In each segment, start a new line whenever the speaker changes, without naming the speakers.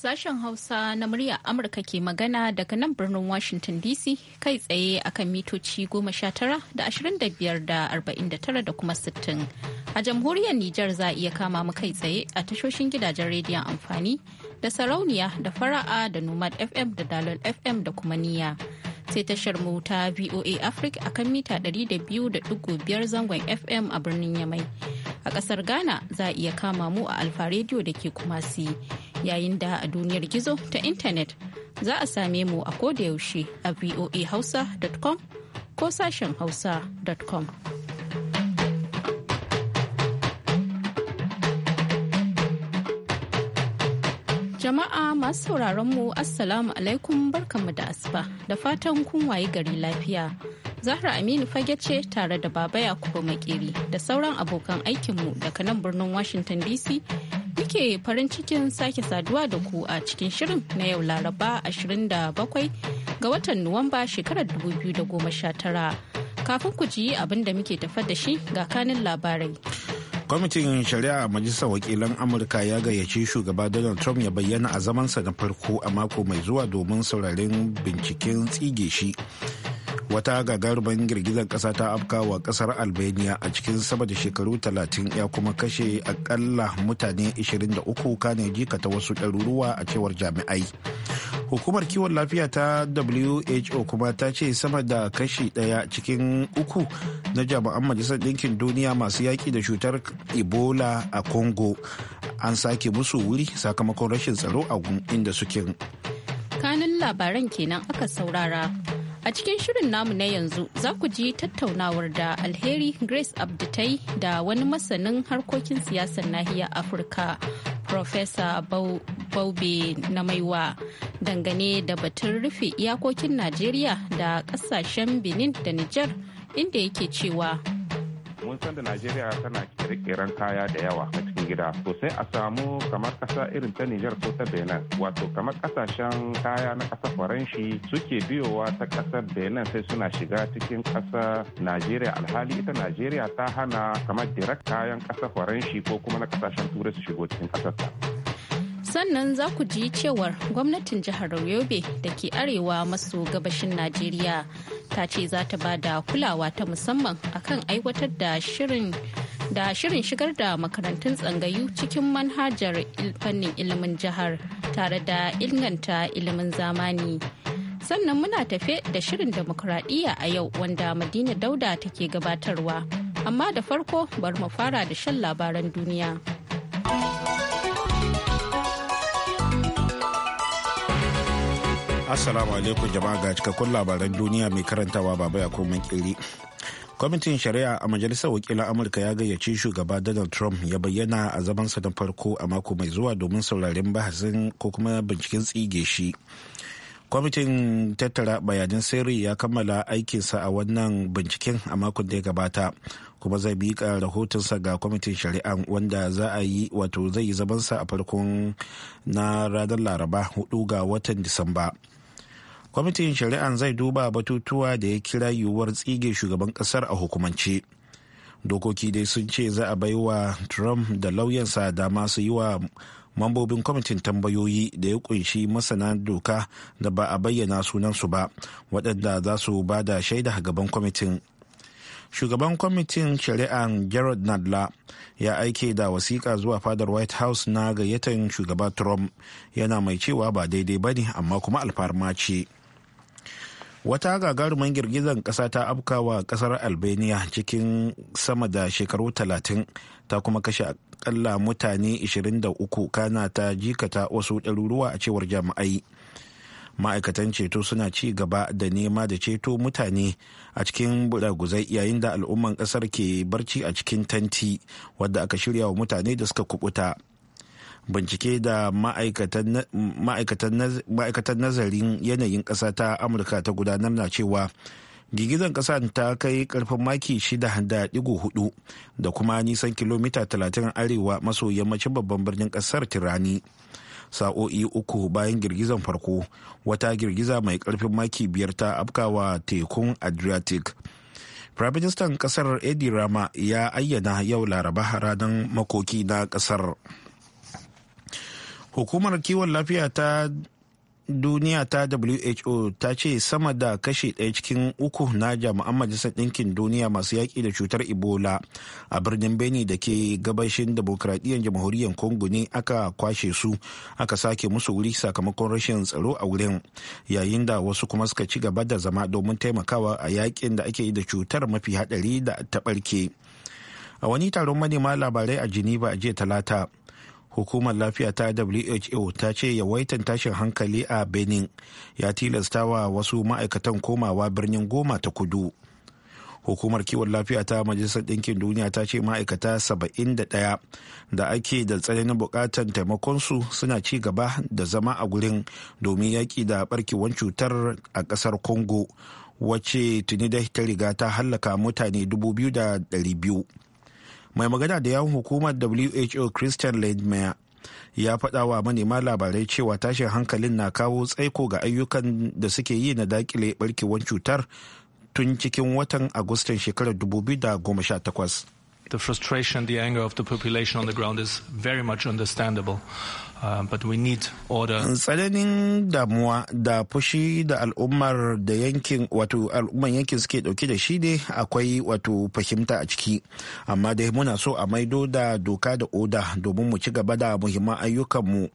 Sashen Hausa na murya Amurka ke magana daga nan birnin Washington DC kai tsaye akan mitoci goma sha tara da ashirin da biyar da arba'in da tara da kuma sittin. A jamhuriyar Nijar za a iya kama mu kai tsaye a tashoshin gidajen rediyon amfani da sarauniya da fara'a da Nomad FM da Dalol FM da kuma niya. sai tashar mu ta VOA Africa akan mita 200.5 zangon FM a birnin Yamai. A ƙasar Ghana za a iya kama mu a Alfa Radio da ke Kumasi yayin da a duniyar gizo ta intanet za a same mu a kodayaushe a voahausa.com ko sashen hausa.com. Jama'a masu sauraron mu Assalamu alaikum barkanmu da asuba da fatan kun waye gari lafiya. Zahra Aminu fage ce tare da Baba Yakubu Makeri da sauran abokan aikinmu daga nan birnin Washington DC muke farin cikin sake saduwa da ku a cikin shirin na yau Laraba 27 ga watan Nuwamba shekarar 2019. Kafin ku ji abin da muke tafar da shi ga kanin labarai.
kwamitin shari'a a majalisar wakilan amurka ya gayyace shugaba donald trump ya bayyana a zamansa na farko a mako mai zuwa domin sauraren binciken tsige shi wata gagarumin girgizar kasa ta afkawa kasar albania a cikin sama da shekaru 30 ya kuma kashe akalla mutane 23 kane jika ta wasu ɗaruruwa a cewar jami'ai hukumar kiwon lafiya ta who kuma ta ce sama da kashi daya cikin uku na jami'an majalisar ɗinkin duniya masu yaki da cutar ebola a congo an sake musu wuri sakamakon rashin tsaro a inda suke
kanin labaran kenan aka saurara a cikin shirin namu na yanzu za ku ji tattaunawar da alheri grace abdutai da wani masanin harkokin siyasar nahiyar afirka Profesa Baube na Maiwa dangane da batun rufe iyakokin Najeriya da kasashen Benin da Nijar inda yake cewa.
Mun san da Najeriya tana kirkiran kaya da yawa. gida to sai a samu kamar kasa irin ta Nijar ko ta Benin wato kamar kasashen kaya na kasa faranshi suke biyowa ta kasar Benin sai suna shiga cikin kasa Najeriya alhali ita Najeriya ta hana kamar direct kayan kasa faranshi ko kuma na kasashen turai su shigo cikin kasar ta.
sannan za ku ji cewar gwamnatin jihar yobe da ke arewa maso gabashin najeriya ta ce za ta ba da kulawa ta musamman akan aiwatar da shirin da shirin shigar da makarantun tsangayu cikin manhajar fannin ilimin jihar tare da inganta ilimin zamani. Sannan muna tafe da shirin demokuraɗiyya a yau wanda Madina Dauda take gabatarwa. Amma da farko bar mu fara da shan labaran duniya.
Assalamu alaikum jama'a ga cikakkun labaran duniya mai karantawa baba ya komin kiri. kwamitin shari'a a majalisar wakilan amurka ya gayyace shugaba donald trump ya bayyana a zamansa na farko a mako mai zuwa domin saurarin bahasin ko kuma binciken tsige shi kwamitin tattara bayanan sirri ya kammala aikinsa a wannan binciken a makon da ya gabata kuma zai miƙa rahotonsa ga kwamitin shari'a wanda za a yi wato zai yi zamansa a farkon na ranar laraba 4 ga watan disamba kwamitin shari'an zai duba batutuwa da ya kira yiwuwar tsige shugaban kasar a hukumance dokoki dai sun ce za a bai wa trump da lauyansa dama su yi wa mambobin kwamitin tambayoyi da ya kunshi masana doka da ba a bayyana sunansu ba waɗanda za su ba da shaida gaban kwamitin shugaban kwamitin shari'an gerard nadler ya aike da wasiƙa zuwa fadar white house na gayyatan shugaba trump yana mai cewa ba daidai ba ne amma kuma alfarma ce. wata gagarumin girgizar ƙasa ta afkawa ƙasar albania cikin sama da shekaru 30 ta kuma kashe akalla mutane 23 kana ta jikata wasu ɗaruruwa a cewar jami'ai ma'aikatan ceto suna ci gaba da nema da ceto mutane a cikin buraguzai yayin da al'umman ƙasar ke barci a cikin tanti wadda aka shirya wa mutane da suka kubuta bincike da ma'aikatan nazarin yanayin ƙasa ta amurka ta gudanar na cewa girgizar ƙasa ta kai ƙarfin maki 6.4 da kuma nisan kilomita 30 arewa maso yammacin babban birnin ƙasar tirani sa'o'i uku bayan girgizan farko wata girgiza mai ƙarfin maki biyar ta afkawa tekun adriatic firaministan ƙasar edi rama ya ayyana yau laraba ranar makoki na ƙasar. hukumar kiwon lafiya ta duniya ta who ta ce sama da kashe ɗaya cikin uku na jami'an majalisar ɗinkin duniya masu yaƙi da cutar ebola a birnin beni da ke gabashin demokradiyyar jamhuriyar congo ne aka kwashe su aka sake musu wuri sakamakon rashin tsaro a wurin yayin da wasu kuma suka ci gaba da zama domin taimakawa a yaƙin da ake yi da cutar mafi haɗari da ta a wani taron manema labarai a geneva a jiya talata hukumar lafiya ta who ta ce yawaitan tashin hankali a benin ya tilasta wa wasu ma'aikatan komawa birnin goma ta kudu hukumar kiwon lafiya ta majalisar ɗinkin duniya ta ce ma'aikata 71 da ake da tsananin buƙatar taimakonsu suna ci gaba da zama a gurin domin yaƙi da ɓarkewar cutar a ƙasar congo wacce tuni da ta riga ta hallaka mutane 2,200 mai magana da yawun hukumar who christian leitmeyer ya faɗa wa manema labarai cewa tashin hankalin na kawo tsaiko ga ayyukan da suke yi na dakile barkewar cutar tun cikin watan agustan shekarar 2018
The frustration, the anger of the population on the ground is very much understandable. Uh,
tsananin damuwa da fushi da al'ummar da yankin wato al'ummar yankin suke dauke da shi ne akwai wato fahimta a ciki amma dai muna so a maido da doka da oda domin mu ci gaba da muhimman ayyukanmu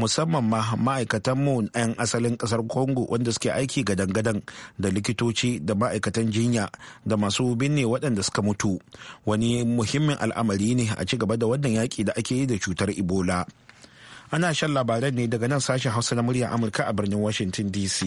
musamman ma ma'aikatanmu 'yan asalin kasar congo wanda suke aiki gadan-gadan da likitoci da ma'aikatan jinya da masu binne waɗanda suka mutu wani muhimmin al'amari ne a ci gaba da wannan yaƙi da ake yi da cutar ebola ana shan labaran ne daga nan sashen hausa na murya amurka a birnin washington dc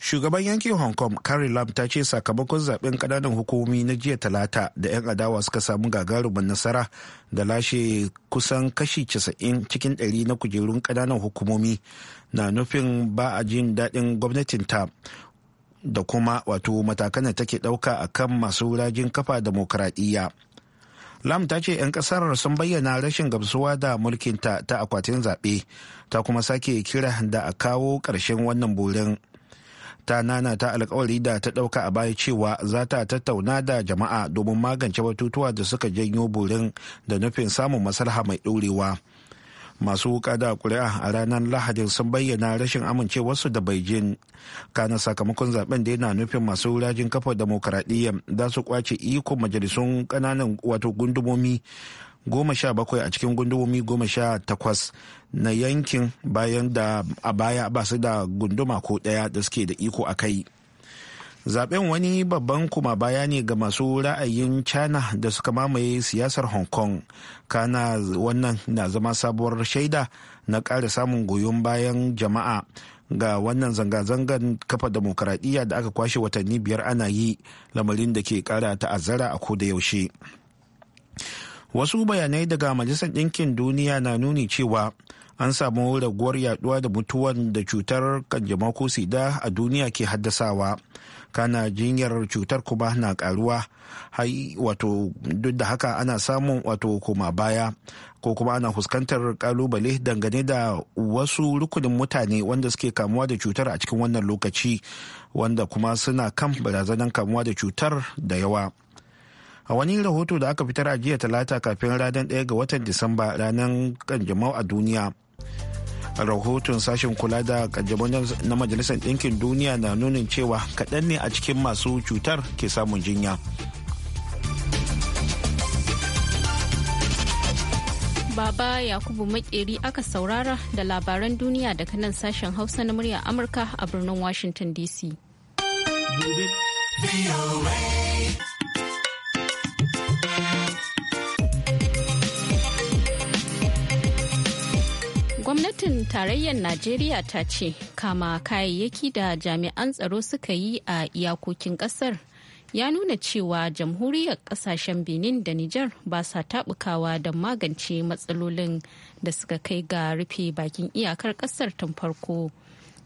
shugaban yankin hong kong carrie lam ta ce sakamakon zaben kananan hukumomi na jiya talata da 'yan adawa suka samu gagarumin nasara da lashe kusan kashi 90 cikin 100 na kujerun kananan hukumomi na nufin ba a jin daɗin gwamnatin ta da kuma wato matakan da take ɗauka a kan masu rajin kafa demokuraɗiyya. lam ta ce 'yan ƙasar sun bayyana rashin gamsuwa da mulkinta ta akwatin zaɓe ta kuma sake kira da a kawo ƙarshen wannan burin ta nana ta alkawari da ta ɗauka a baya cewa za ta tattauna da jama'a domin magance batutuwa da suka janyo burin da nufin samun maslaha mai ɗorewa. masu wuka da kuri'a a ranar lahadin sun bayyana rashin amincewarsu da beijing kana sakamakon zaben da yana nufin masu rajin kafar demokuraɗiyya za su kwace ikon majalisun kananan wato gundumomi goma sha bakwai a cikin gundumomi goma sha takwas na yankin bayan da a baya ba su da gunduma ko ɗaya da suke da iko a kai. zaben wani babban kuma baya ne ga masu ra'ayin china da suka mamaye siyasar hong kong kana wannan na zama sabuwar shaida na ƙara samun goyon bayan jama'a ga wannan zanga-zangan kafa demokaradiyya da aka kwashe watanni biyar ana yi lamarin da ke kara ta'azzara a da yaushe wasu bayanai daga majalisar ɗinkin duniya na nuni cewa an samu raguwar yaduwa da mutuwan da cutar kanjamau ko sida a duniya ke haddasawa kana jinyar cutar kuma na karuwa wato duk da haka ana samun wato koma baya ko kuma ana fuskantar kalubale dangane da wasu rukunin mutane wanda suke kamuwa da cutar a cikin wannan lokaci wanda kuma suna kan barazanar kamuwa da cutar da yawa a wani rahoto da aka fitar a jiya talata kafin ranar 1 ga watan disamba ranar kanjamau a duniya rahoton sashen kula da kanjamau na majalisar ɗinkin duniya na nunin cewa kaɗan ne a cikin masu cutar ke samun jinya
Baba Yakubu Makeri aka saurara da labaran duniya daga nan sashen Hausa na murya Amurka a birnin Washington DC. Gwamnatin tarayyar Najeriya ta ce kama kayayyaki da jami'an tsaro suka yi a iyakokin ƙasar ya nuna cewa jamhuriyar ƙasashen Benin da Nijar ba sa taɓukawa don magance matsalolin da suka kai ga rufe bakin iyakar ƙasar tun farko.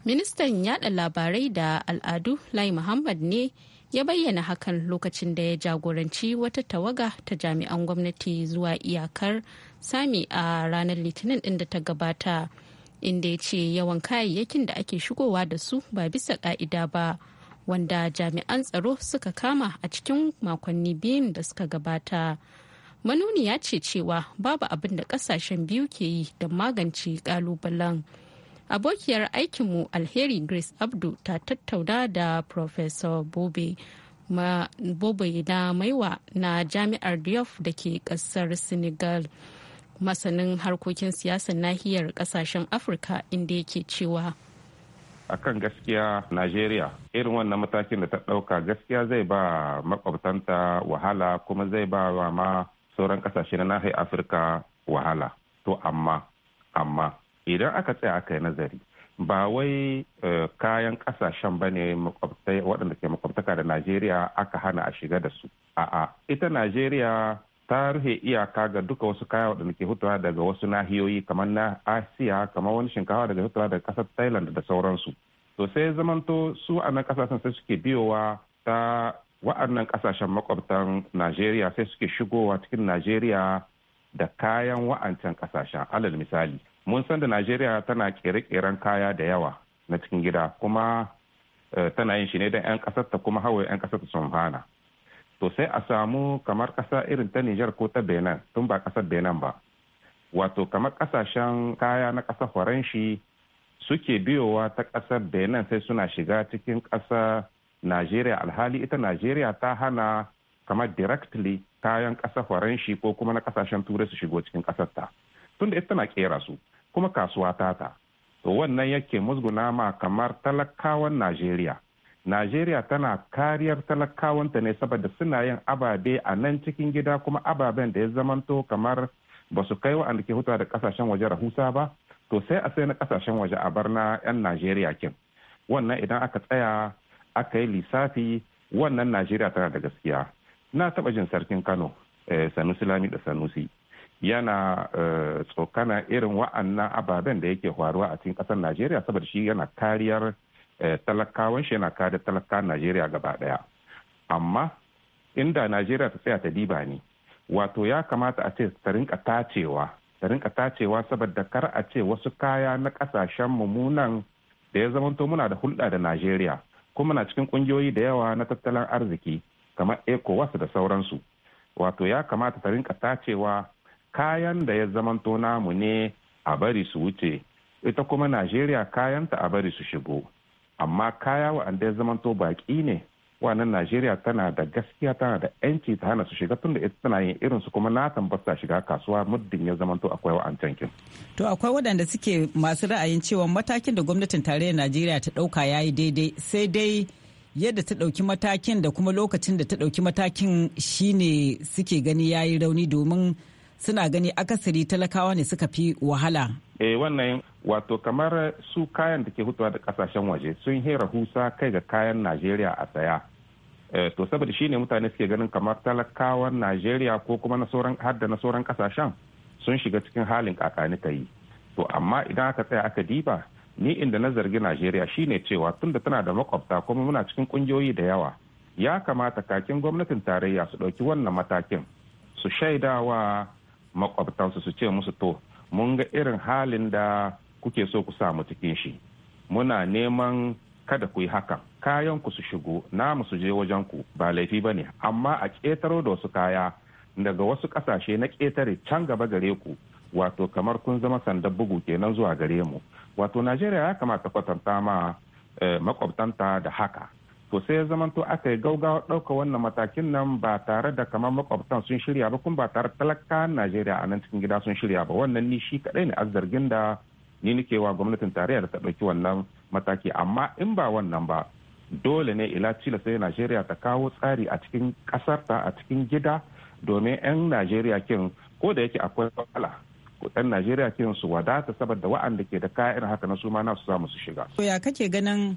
Ministan yada labarai da al'adu Lai Muhammad ne ya bayyana hakan lokacin da ya jagoranci wata tawaga ta jami'an gwamnati zuwa iyakar sami a ranar litinin ɗin da ta gabata inda ya ce yawan kayayyakin da ake shigowa da su ba bisa ka'ida ba wanda jami'an tsaro suka kama a cikin makonni biyun da suka gabata manuni ya ce cewa babu abin da kasashen biyu ke yi don magance kalubalen. abokiyar aikinmu alheri grace abdu ta tattauna da professor bobe ma bobe na maiwa na jami'ar diof da ke kasar senegal masanin harkokin siyasar nahiyar kasashen afirka inda yake cewa
akan gaskiya nigeria irin wannan matakin da ta ɗauka gaskiya zai ba makwabtanta wahala kuma zai ba wa ma sauran kasashe na nahiyar Afirka wahala. To amma, amma idan aka tsaya aka yi nazari ba wai eh, kayan kasashen ba ne waɗanda ke makwabtaka da najeriya aka hana a shiga da su a'a ita najeriya ta rufe iyaka ga duka wasu kaya waɗanda ke hutuwa daga wasu nahiyoyi kamar na asiya kamar wani shinkawa daga hutuwa daga ƙasar thailand da sauransu to sai zamanto su a nan ƙasashen sai suke biyowa ta wa'annan kasashen makwabtan najeriya sai suke shigowa cikin najeriya da kayan wa'ancan ƙasashen alal misali mun san da najeriya tana kere-keren kaya da yawa na cikin gida kuma eh, tana yin shi ne don 'yan kasar kuma hawa 'yan kasar ta sun hana to sai a samu kamar kasa irin ta nijar ko ta benin tun ba kasar benin ba wato kamar kasashen kaya na kasa faranshi suke biyowa ta kasar benin sai suna shiga cikin kasa najeriya alhali ita najeriya ta hana kamar directly kayan kasa faranshi ko kuma na kasashen turai su shigo cikin kasar ta da ita tana kera su kuma kasuwa tata to wannan yake musguna ma kamar talakawan najeriya najeriya tana kariyar talakawanta ne saboda suna yin ababe a nan cikin gida kuma ababen da ya zamanto kamar ba su kai wa'anda ke hutawa da kasashen waje rahusa ba to sai a sai na kasashen waje a bar na 'yan najeriya kin wannan idan aka tsaya aka yi lissafi wannan najeriya tana da gaskiya na taɓa jin sarkin kano eh, sanusi lami da sanusi yana eh, tsokana irin wa'annan ababen da yake faruwa a cikin kasar najeriya saboda shi yana kariyar eh, talakawan shi yana kariyar talakawan najeriya gaba ɗaya amma inda najeriya ta tsaya ta diba ne wato ya kamata a ce ta rinka tacewa ta rinka tacewa saboda kar a ce wasu kaya na kasashen mummunan da ya zamanto muna da hulɗa da najeriya kuma na cikin kungiyoyi da yawa na tattalin arziki kamar ecowas da sauransu wato ya kamata ta rinka tacewa kayan da ya zamanto namu ne a bari su wuce ita kuma najeriya kayanta a bari su shigo amma kaya wa'anda ya zamanto baki ne wannan najeriya tana da gaskiya tana da yanci ta hana su shiga tun da ita tana yin irin su kuma na tambasta shiga kasuwa muddin ya zamanto akwai wa'ancan kin
to akwai waɗanda suke masu ra'ayin cewa matakin da gwamnatin tarayyar najeriya ta ɗauka ya yi daidai sai dai yadda ta ɗauki matakin da kuma lokacin da ta ɗauki matakin shine suke gani ya yi rauni domin suna gani akasari talakawa ne suka fi wahala.
Eh wannan wato kamar su kayan da ke hutuwa da kasashen waje sun hera husa kai ga kayan Najeriya a saya. Eh, to saboda shi mutane suke ganin kamar talakawan Najeriya ko kuma na sauran hadda na sauran kasashen sun shiga cikin halin kakani ta yi. To amma idan aka tsaya aka diba ni inda na zargi Najeriya shine cewa tunda tana da makwabta kuma muna cikin kungiyoyi da yawa ya kamata kakin gwamnatin tarayya su ɗauki wannan matakin su shaidawa. makwabtansu su ce musu to mun ga irin halin da kuke so ku samu cikin shi muna neman kada ku yi hakan kayan ku su shigo namu su je wajen ku ba laifi ba ne amma a ƙetaro da wasu kaya daga wasu ƙasashe na ƙetare can gaba gare ku wato kamar kun zama sandan bugu kenan zuwa gare mu wato najeriya ya kamata kwatanta ma eh, makwabtanta da haka to sai ya zamanto aka yi gaugawa ɗauka wannan matakin nan ba tare da kamar makwabtan sun shirya ba kuma ba tare da talaka najeriya a nan cikin gida sun shirya ba wannan ni shi kaɗai ne azzargin da ni nake wa gwamnatin tarayya da ta ɗauki wannan mataki amma in ba wannan ba dole ne ila cila sai najeriya ta kawo tsari a cikin ƙasarta a cikin gida domin 'yan najeriya kin ko da yake akwai wahala yan najeriya kin su wadata saboda wa'anda ke da kayan haka na su ma na su samu su shiga.
to ya kake ganin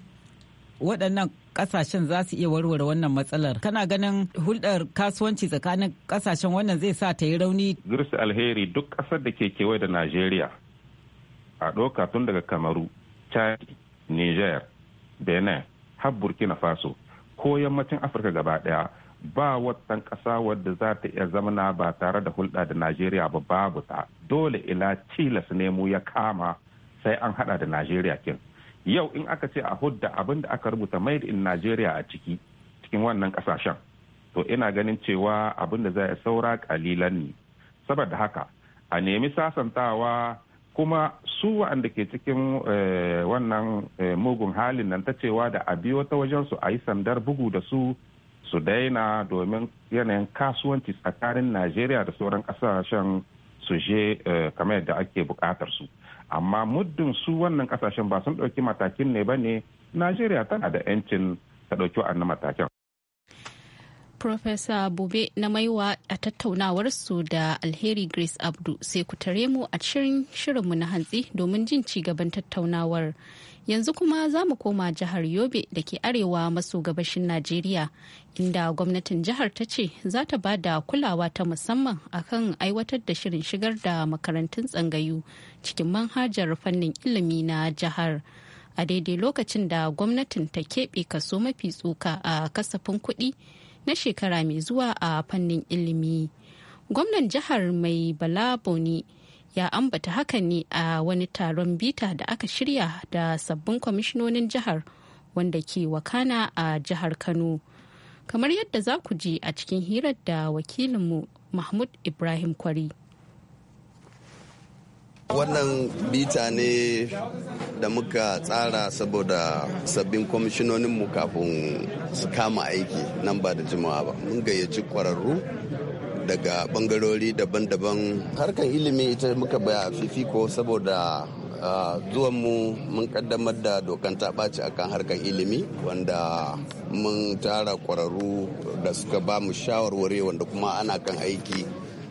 waɗannan ƙasashen za su iya warware wannan matsalar kana ganin hulɗar kasuwanci tsakanin ƙasashen wannan zai sa ta yi rauni
girsu alheri duk ƙasar da ke kewaye da najeriya a ɗauka tun daga kamaru chad niger benin har burkina faso ko yammacin afirka gaba ɗaya ba wata ƙasa wadda za ta iya zamana ba tare da hulɗa da najeriya ba babu ta dole ila cilas nemo ya kama sai an haɗa da najeriya kin yau in aka ce a hudda abin da aka rubuta made in Najeriya a ciki cikin wannan kasashen to ina ganin cewa abin da zai saura kalilan ne saboda haka a nemi sasantawa kuma su wa'anda ke cikin eh, wannan eh, mugun halin nan ta cewa da a biyo ta wajen su a yi sandar bugu da su su daina domin yanayin kasuwanci tsakanin Najeriya da sauran kasashen su je eh, kamar yadda ake bukatar su. amma muddin su wannan kasashen ba sun ɗauki matakin ne ba ne najeriya tana da 'yancin ta ɗauki wannan matakin
Profesa Bube na maiwa a tattaunawarsu da Alheri Grace Abdu sai ku tare mu a shirin mu na hantsi domin jin ci gaban tattaunawar. Yanzu kuma za mu koma jihar Yobe da ke arewa maso gabashin Najeriya inda gwamnatin jihar ta ce za ta ba da kulawa ta musamman akan aiwatar da shirin shigar da makarantun tsangayu cikin manhajar fannin ilimi na jihar. A daidai lokacin da gwamnatin ta keɓe kaso mafi tsoka a kasafin kuɗi na shekara mai zuwa a fannin ilimi gwamnan jihar mai bala boni ya ambata hakan ne a wani taron bita da aka shirya da sabbin kwamishinonin jihar wanda ke wakana a jihar kano kamar yadda za ku ji a cikin hirar da wakilinmu mahmud ibrahim kwari
Wannan bita ne da muka tsara saboda sabbin kwamishinoninmu kafin su kama aiki nan ba da jimawa ba. Mun gayyaci kwararru daga bangarori daban-daban. Harkar ilimi ita muka baya fifiko saboda zuwanmu mun kaddamar da dokan ta ɓaci akan harkar ilimi wanda mun tara kwararru da suka ba mu shawarware wanda kuma ana kan aiki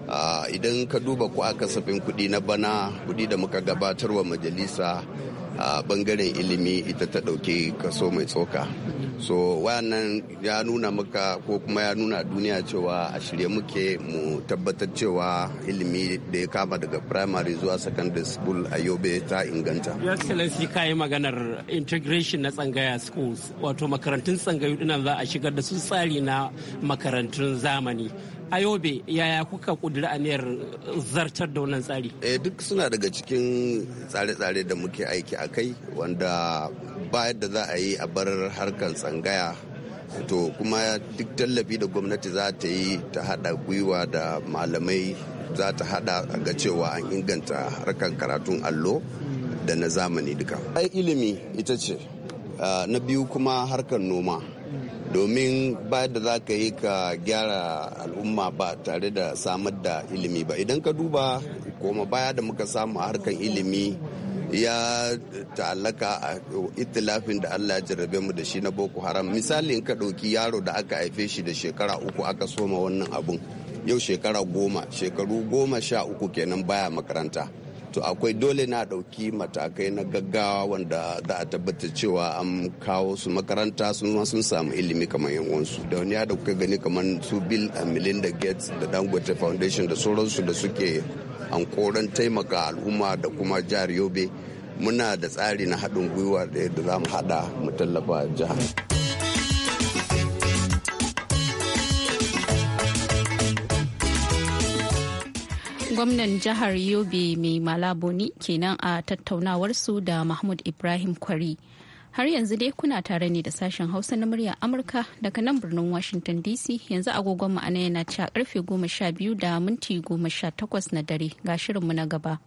Ah, idan ka duba ko a kasafin kuɗi na bana kuɗi da muka gabatar wa majalisa a bangaren ilimi ita ta ɗauki kaso mai tsoka so wayannan ya nuna maka ko kuma ya nuna duniya cewa a shirye muke mu tabbatar cewa ilimi da ya kama daga primary zuwa secondary school a yobe ta inganta your
excellency ka yi maganar integration na tsangaya schools wato makarantun tsangayu dinan za a shigar da su tsari na makarantun zamani ayobe yaya kuka kudura
aniyar zartar da wannan tsari eh duk suna daga cikin tsare-tsare da muke aiki a kai wanda ba yadda za a yi a bar harkar tsangaya to kuma duk tallafi da gwamnati za ta yi ta haɗa gwiwa da malamai za ta haɗa ga cewa an inganta harkar karatun allo da na zamani duka. ilimi ita ce ah, na biyu kuma harkar noma domin ba da za ka yi ka gyara al'umma ba tare da samar da ilimi ba idan ka duba koma baya da muka samu harkan ilimi ya ta'allaka a itilafin da Allah ya jarrabe mu da shi na Boko Haram misali in ka ɗauki yaro da aka haife shi da shekara uku aka soma wannan abun yau shekara goma shekaru goma sha uku kenan baya makaranta to akwai dole na ɗauki matakai na gaggawa wanda za a tabbatar cewa an kawo su makaranta sun sun samu ilimi kamar yan uwansu da wani ya da kuka gani kamar su bill a melinda gates da dangote foundation da sauransu da suke an koran taimaka al'umma da kuma jihar yobe muna da tsari na haɗin gwiwa da za mu haɗa mu tallafa jihar
gwamnan jihar yobe mai malaboni kenan a tattaunawarsu da mahmud ibrahim kwari har yanzu dai kuna tare ne da sashen hausa na murya amurka daga nan birnin washington dc yanzu agogon ma'ana yana ci karfe goma sha biyu da minti goma sha takwas na dare ga shirinmu na gaba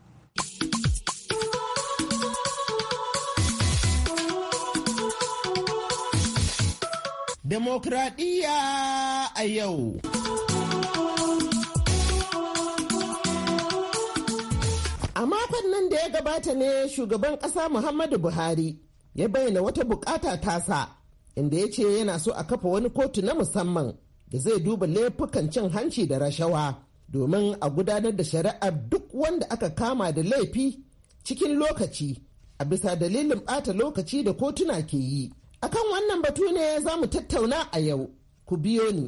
demokradiyya a yau watan nan da ya gabata ne shugaban ƙasa Muhammadu Buhari ya bayyana wata bukata tasa inda ya ce yana so a kafa wani kotu na musamman da zai duba laifukan cin hanci da rashawa domin a gudanar da shari'ar duk wanda aka kama da laifi cikin lokaci a bisa dalilin bata lokaci da kotuna ke yi. Akan wannan batu ne za mu tattauna a yau, ku biyo ni.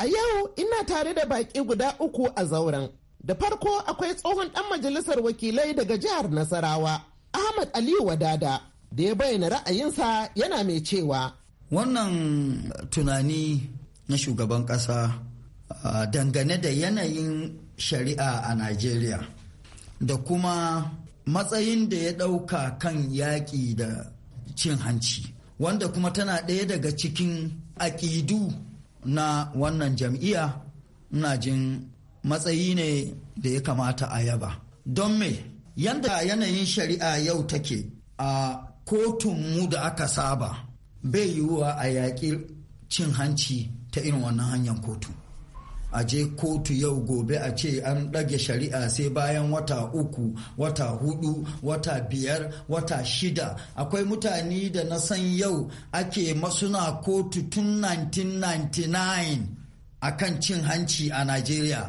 A yau ina tare da baƙi guda uku a zauren. Da farko akwai tsohon ɗan majalisar wakilai daga jihar Nasarawa, Ahmad Aliyu Wadada, da ya bayyana ra'ayinsa
yana mai cewa. Wannan tunani na shugaban ƙasa dangane da yanayin shari'a a Najeriya da kuma matsayin da ya ɗauka kan yaƙi da cin hanci, wanda kuma tana ɗaya daga cikin aƙidu na wannan jam'iyya ina jin matsayi ne da ya kamata a yaba don me yanda yanayin shari'a yau take a kotunmu da aka saba bai yiwuwa a yaƙi cin hanci ta irin wannan hanyar kotu a je kotu yau gobe a ce an ɗage shari'a sai bayan wata uku wata hudu wata biyar wata shida akwai mutane da na san yau ake masuna kotu tun 1999 a kan cin hanci a najeriya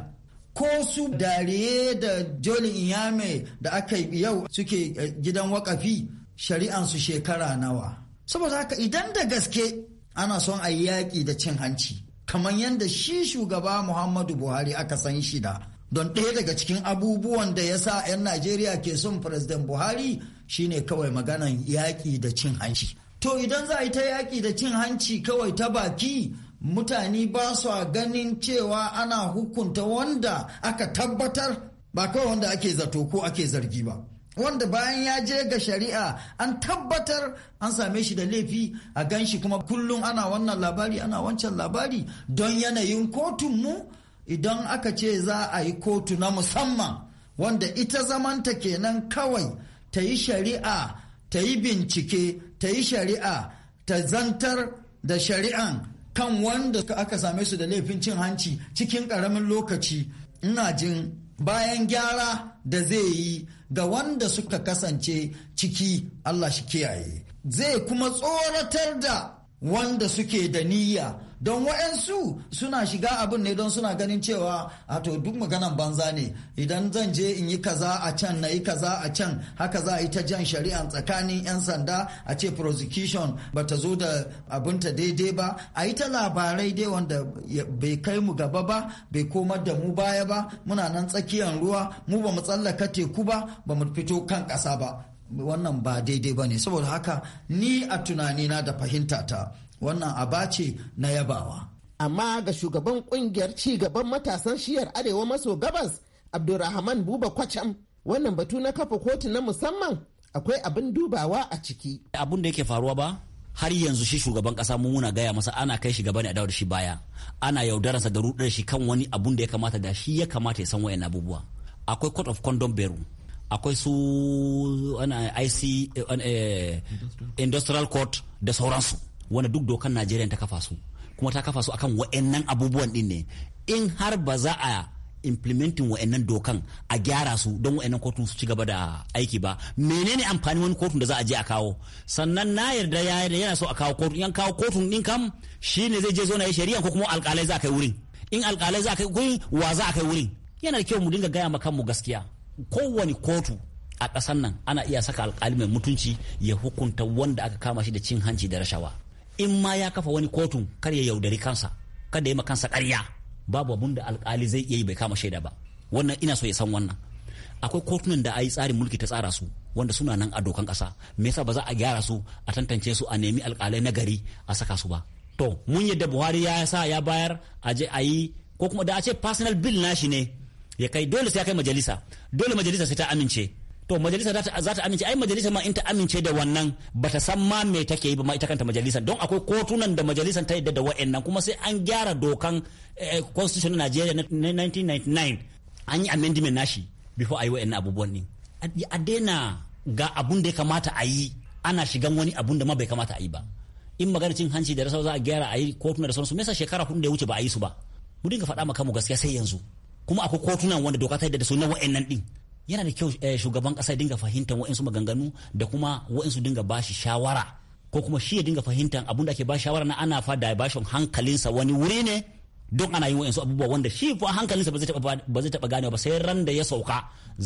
ko su dariye da jolin iyame da aka yau suke eh, gidan wakafi shari'ansu shekara nawa saboda haka idan da gaske ana son a yi yaƙi da cin hanci kamar yadda shi shugaba Muhammadu Buhari aka san shi da. Don ɗaya daga cikin abubuwan da ya sa 'yan Najeriya ke son President Buhari shine kawai maganan yaƙi da cin hanci. To idan za a yi ta yaƙi da cin hanci kawai ta baki mutane ba su ganin cewa ana hukunta wanda aka tabbatar ba kawai wanda ake zato ko ake zargi ba. wanda bayan ya je ga shari'a an tabbatar an same shi da laifi a gan shi kuma kullum ana wannan labari ana wancan labari don yanayin kotunmu idan aka ce za a yi kotu na musamman wanda ita zamanta kenan kawai ta yi shari'a ta yi bincike ta yi shari'a ta zantar da shari'an kan wanda aka same su da laifin cin hanci cikin ƙaramin lokaci ina jin bayan gyara da zai yi ga wanda suka kasance ciki Allah shi kiyaye zai kuma tsoratar da wanda suke da niyya don wa'yansu suna shiga abin ne don suna ganin cewa a to duk maganan banza ne idan zan je in yi kaza a can na yi kaza a can haka za a yi ta jan shari'an tsakanin 'yan sanda a ce prosecution ba ta zo da abinta daidai ba a yi ta labarai dai wanda bai kai mu gaba ba bai komar da mu baya ba muna nan tsakiyar ruwa mu ba mu tsallaka teku ba ba mu fito kan ƙasa ba wannan ba daidai ba ne saboda haka ni a tunanina da fahimtata wannan aba ce na yabawa amma ga shugaban
kungiyar ci gaban matasan shiyar arewa maso gabas abdulrahman buba kwacham wannan batu na kafa kotu na musamman akwai abin dubawa a ciki
abin da yake faruwa ba har yanzu shi shugaban kasa mu muna gaya masa ana kai shi gaba ne a dawo da shi baya ana yaudararsa da rudar shi kan wani abun da ya kamata da shi ya kamata ya san wayan abubuwa akwai court of condom beru akwai su IC eh, eh, eh, industrial court da sauransu wanda duk dokan najeriya ta kafa su kuma ta kafa su akan wa'annan abubuwan din ne in har ba za a implementin wa'annan dokan a gyara su don wa'annan kotun su ci gaba da aiki ba menene amfani wani kotun da za a je a kawo sannan na yarda ya yana so a kawo kotun yan kawo kotun din kam shine zai je zo na yi shari'a ko kuma alƙalai za a kai wurin in alƙalai za a kai wurin wa za a kai wurin yana da kyau mu dinga gaya ma kanmu gaskiya kowane kotu a ƙasar nan ana iya saka alƙali mai mutunci ya hukunta wanda aka kama shi da cin hanci da rashawa in ma ya kafa wani kotun kar ya yaudari kansa kada ya ma kansa karya babu abun da alkali zai iya yi bai kama shaida ba wannan ina so ya san wannan akwai kotunan da a yi tsarin mulki ta tsara su wanda suna nan a dokan ƙasa me yasa ba za a gyara su a tantance su a nemi alkalai na gari a saka su ba to mun yadda buhari ya sa ya bayar a je a yi ko kuma da a ce personal bill nashi ne ya kai dole sai ya kai majalisa dole majalisa sai ta amince to majalisa za ta amince ai majalisa ma in ta amince da wannan ta san ma me take yi ba ma ita kanta majalisa don akwai kotunan da majalisa ta yadda da wa'annan kuma sai an gyara dokan eh, constitution na Najeriya na 1999 an yi amendment nashi before ayi yi wa'annan abubuwan din a daina ga abun da ya kamata a yi ana shigan wani abun da ma bai kamata a yi ba in magana cin hanci da rasau za a gyara a yi kotuna da sauransu mesa shekara hudu da ya wuce ba a yi su ba mu dinga faɗa ma mu gaskiya sai yanzu kuma akwai kotunan wanda doka ta yadda da su na wa'annan din yana da kyau eh, shugaban kasa dinga fahimtar wa'insu maganganu da kuma wa'insu dinga bashi shawara ko kuma shi ya dinga fahimtar abun da ake ba shawara na ana fa diversion hankalinsa wani wuri ne don ana yin wa'insu abubuwa wanda shi fa hankalinsa ba zai taba gane ba sai ran da ya sauka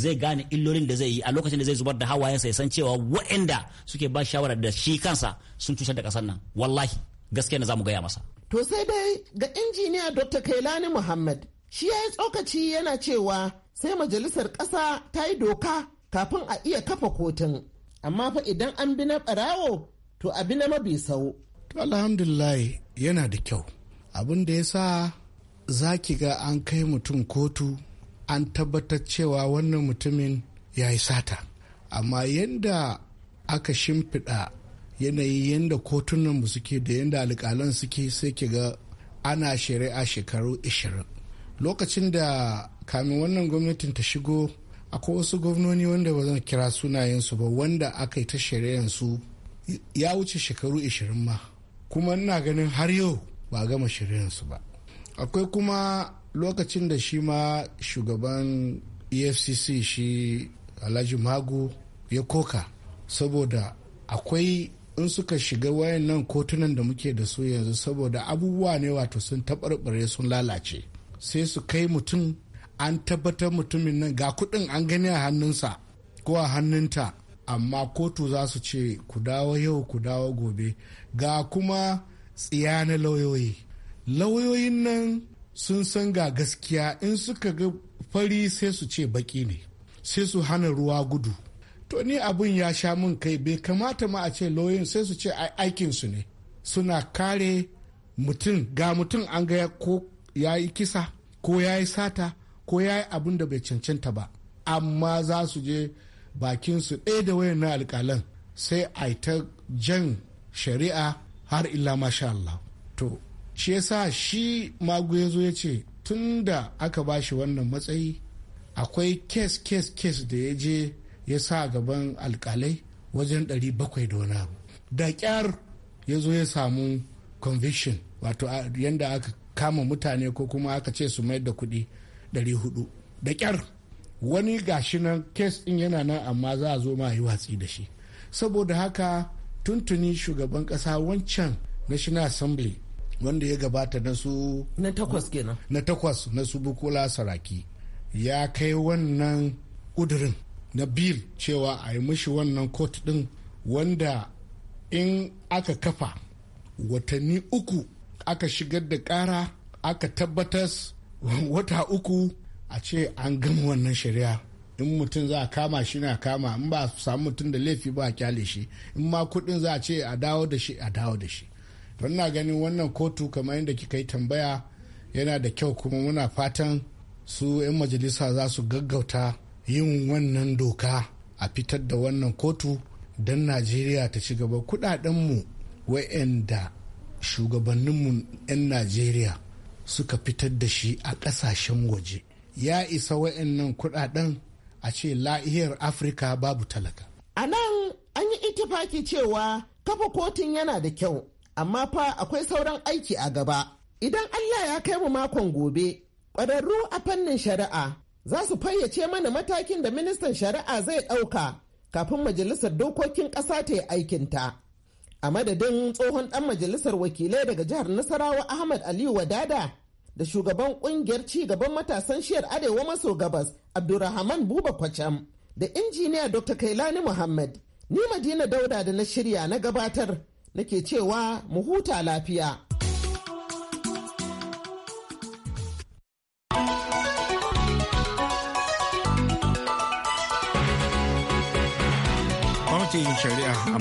zai gane illolin da zai yi a lokacin da zai zubar da hawayensa ya san cewa wa'inda suke ba shawara da shi kansa sun cutar da kasar nan wallahi gaskiya na zamu gaya masa
to sai dai ga injiniya dr kailani muhammad shi ya yi tsokaci yana cewa sai majalisar ƙasa ta yi doka kafin a iya kafa kotun amma fa idan an bi na barawo to a bi na
mabisau. alhamdulillah yana da kyau abin da ya sa za ki ga an kai mutum kotu an tabbatar cewa wannan mutumin ya yi sata amma yadda aka shimfiɗa yanayi yadda mu suke da yadda alƙalan suke sai ki ga ana shari'a shekaru 20 lokacin da kamin wannan gwamnatin ta shigo akwai wasu gwamnoni wanda ba zan kira sunayensu ba wanda aka yi ta shari'ansu su ya wuce shekaru 20 ma kuma ina ganin har yau ba a gama shari'ansu su ba akwai kuma lokacin da shi ma shugaban efcc shi alhaji magu ya koka saboda akwai in suka shiga wayan nan kotunan da muke da su yanzu saboda abubuwa ne wato sun taɓarɓare sun lalace sai su kai mutum an tabbatar mutumin nan ga kuɗin an gani a hannunsa ko a hannunta amma kotu za su ce ku dawo yau ku dawo gobe ga kuma tsiya na lauyoyi lauyoyin nan sun san ga gaskiya in suka ga fari sai su ce baki ne sai su hana ruwa gudu to ni abin ya sha min kai bai kamata ma a ce lauyoyin sai su ce aikinsu ne suna kare mutum ga mutum an ga ya yi kisa ko ya yi sata ko ya yi abin da bai cancanta ba amma za su je su ɗaya da wayan na alƙalan sai a yi ta jan shari'a har illa masha Allah to shi yasa shi magu ya zo ya ce tun da aka ba shi wannan matsayi akwai kes kes kes da ya je ya sa gaban alkalai wajen 700 da wani abu da kyar ya zo ya samu conviction wato yadda aka kama mutane ko kuma aka ce su mayar da kuɗi 400 da kyar wani gashi nan kes din yana nan amma za a zo ma yi watsi da shi saboda haka tuntuni shugaban kasa wancan national assembly wanda ya gabata na su na takwas kenan na takwas na su bukola saraki ya kai wannan kudurin na bil cewa a yi mishi wannan kot din wanda in aka kafa watanni uku aka shigar da kara aka tabbatar. wata uku a ce an gama wannan shari'a in mutum za a kama shi na kama in ba samu mutum da laifi ba a kyale shi in ma kuɗin za a ce a dawo da shi a dawo da shi to ina ganin wannan kotu kamar yadda kika yi tambaya yana da kyau kuma muna fatan su 'yan majalisa za su gaggauta yin wannan doka a fitar da wannan kotu don najeriya ta ci gaba kudadenmu wa'anda shugabanninmu 'yan najeriya suka fitar da shi a ƙasashen waje ya isa wa'annan kuɗaɗen a ce la'ihiyar afirka babu talaka a nan an yi itifaki cewa kafa kotun yana
da kyau amma fa akwai sauran aiki a gaba idan allah ya kai mu makon gobe ƙwararru a fannin shari'a za su fayyace mana matakin da ministan shari'a zai ɗauka kafin majalisar dokokin ƙasa ta yi aikinta a madadin tsohon ɗan majalisar wakilai daga jihar nasarawa ahmad aliyu wadada da shugaban ƙungiyar ci gaban matasan shiyar arewa maso gabas abdurrahman buba kwacham da injiniya dr kailani muhammad ni madina dauda da na shirya na gabatar nake cewa mu huta lafiya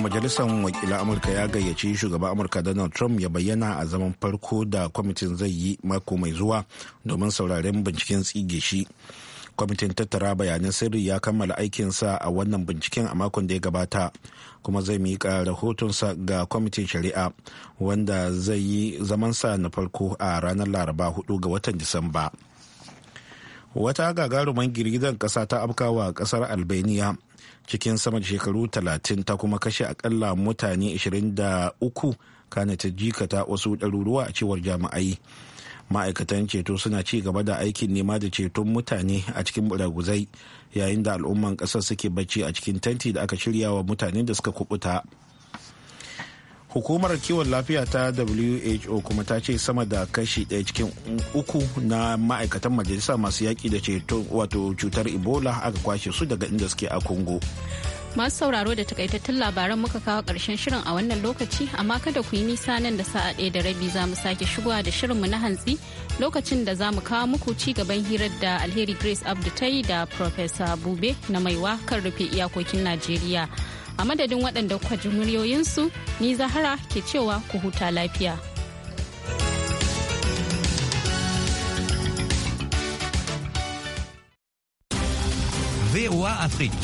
majalisar wakilan amurka ya gayyaci shugaban amurka donald trump ya bayyana a zaman farko da kwamitin zai yi mako mai zuwa domin sauraren binciken tsige shi kwamitin tattara bayanan sirri ya kammala aikinsa a wannan binciken a makon da ya gabata kuma zai miƙa rahotonsa ga kwamitin shari'a wanda zai yi zamansa na farko a ranar laraba 4 ga watan disamba wata gagarumin girgizar ƙasa ta afkawa ƙasar albania cikin sama da shekaru 30 ta kuma kashe akalla mutane 23 kana ta jikata wasu ɗaruruwa a cewar jami'ai ma'aikatan ceto suna ci gaba da aikin nema da ceton mutane a cikin buraguzai yayin da al'umman ƙasar suke bacci a cikin tanti da aka shirya wa mutanen da suka kubuta. hukumar kiwon lafiya ta who kuma ta ce sama da kashi ɗaya cikin uku na ma'aikatan majalisa masu yaƙi da ceto wato cutar ebola aka kwashe su daga inda suke a
congo masu sauraro da takaitattun labaran muka kawo ƙarshen shirin a wannan lokaci amma kada ku yi nisa nan da sa'a ɗaya da rabi za mu sake shigowa da shirinmu na hantsi lokacin da za mu kawo muku ci gaban hirar da alheri grace abdu ta da professor bube na maiwa kan rufe iyakokin najeriya a madadin waɗanda kwa ji muryoyinsu ni zahara ke cewa ku huta lafiya.
VOA Afrique.